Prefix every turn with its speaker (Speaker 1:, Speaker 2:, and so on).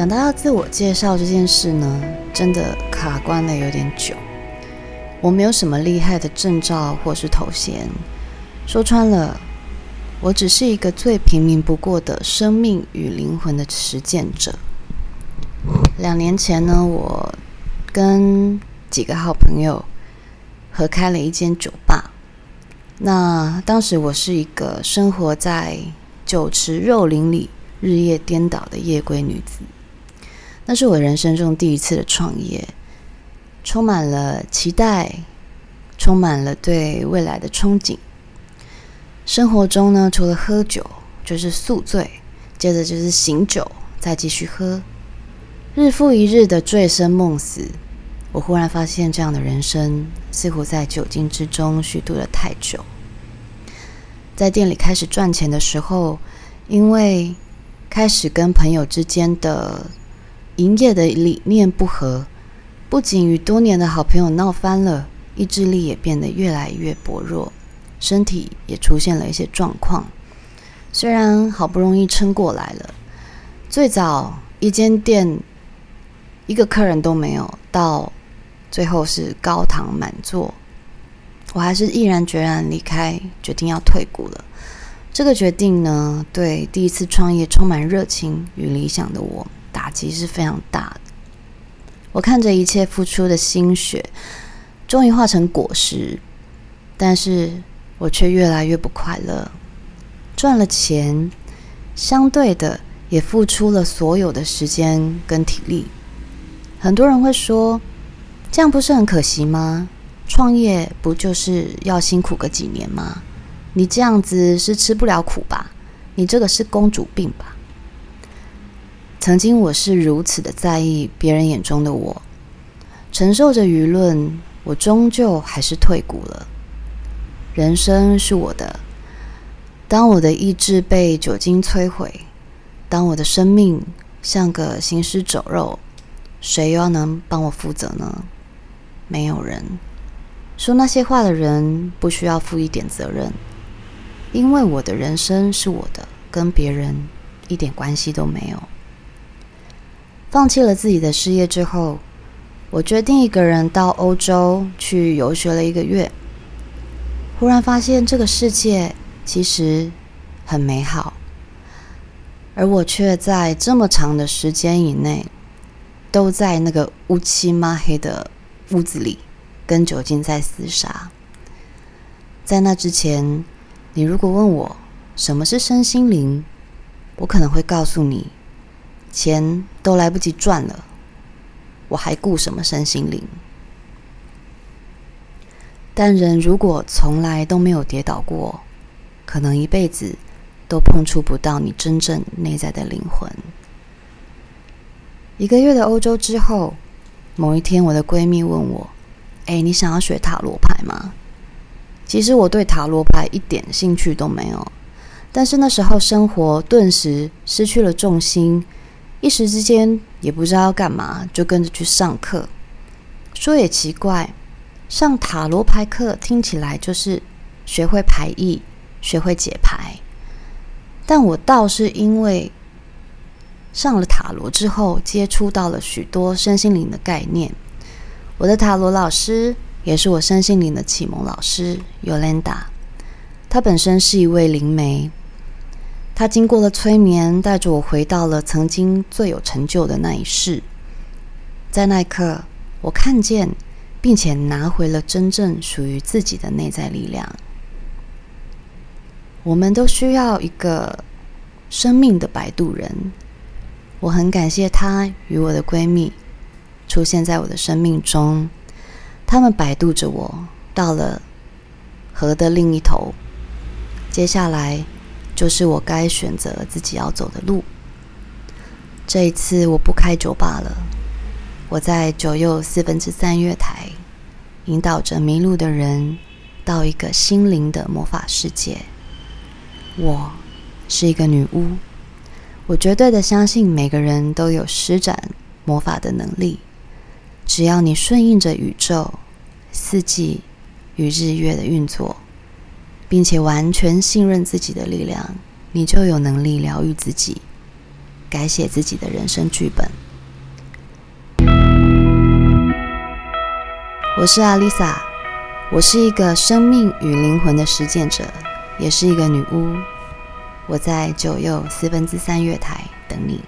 Speaker 1: 講到要自我介紹這件事呢，真的卡關了有點久。我沒有什麼厲害的證照或是頭銜，說穿了，我只是一個最平民不過的生命與靈魂的實踐者。兩年前呢，我跟幾個好朋友合開了一間酒吧。那當時我是一個生活在酒池肉林裡、日夜顛倒的夜歸女子。那是我人生中第一次的創業，充滿了期待，充滿了對未來的憧憬。生活中呢，除了喝酒就是宿醉，接着就是醒酒，再繼續喝，日復一日的醉生夢死。我忽然發現，這樣的人生似乎在酒精之中虛度了太久。在店裡開始賺錢的時候，因為開始跟朋友之間的營業的理念不合，不僅與多年的好朋友鬧翻了，意志力也變得越來越薄弱，身體也出現了一些狀況。雖然好不容易撐過來了，最早一間店一個客人都沒有，到最後是高堂滿座，我還是毅然決然離開，決定要退股了。這個決定呢，對第一次創業充滿熱情與理想的我，打擊是非常大的。我看着一切付出的心血，終於化成果實，但是我卻越來越不快樂。賺了錢，相對的也付出了所有的時間跟體力。很多人會說，這樣不是很可惜嗎？創業不就是要辛苦個幾年嗎？你這樣子是吃不了苦吧？你這個是公主病吧？曾經我是如此的在意別人眼中的我，承受着輿論，我終究還是退股了。人生是我的，當我的意志被酒精摧毀，當我的生命像個行屍走肉，誰又要能幫我負責呢？沒有人說那些話的人不需要負一點責任，因為我的人生是我的，跟別人一點關係都沒有。放棄了自己的事業之後，我決定一個人到歐洲去遊學了一個月。忽然發現這個世界其實很美好，而我卻在這麼長的時間以內，都在那個烏漆抹黑的屋子裡跟酒精在廝殺。在那之前，你如果問我什麼是身心靈，我可能會告訴你。錢都來不及賺了，我還顧什麼身心靈？但人如果從來都沒有跌倒過，可能一輩子都碰觸不到你真正內在的靈魂。一個月的歐洲之後，某一天我的閨蜜問我：“誒，你想要學塔羅牌嗎？”其實我對塔羅牌一點興趣都沒有，但是那時候生活頓時失去了重心。一時之間也不知道要幹嘛，就跟着去上課。說也奇怪，上塔羅牌課聽起來就是學會牌義、學會解牌，但我倒是因為上了塔羅之後，接觸到了許多身心靈的概念。我的塔羅老師也是我身心靈的啟蒙老師，Yolanda，她本身是一位靈媒。他經過了催眠，帶着我回到了曾經最有成就的那一世。在那一刻，我看見，並且拿回了真正屬於自己的內在力量。我們都需要一個生命的擺渡人。我很感謝他與我的閨蜜出現在我的生命中，他們擺渡着我到了河的另一頭。接下來。就是我該選擇自己要走的路。這一次，我不開酒吧了。我在九又四分之三月台，引導着迷路的人到一個心靈的魔法世界。我是一個女巫，我絕對的相信每個人都有施展魔法的能力。只要你順應着宇宙、四季與日月的運作，並且完全信任自己的力量，你就有能力療癒自己，改寫自己的人生劇本。我是阿麗莎，我是一個生命與靈魂的實踐者，也是一個女巫。我在九又四分之三月台等你。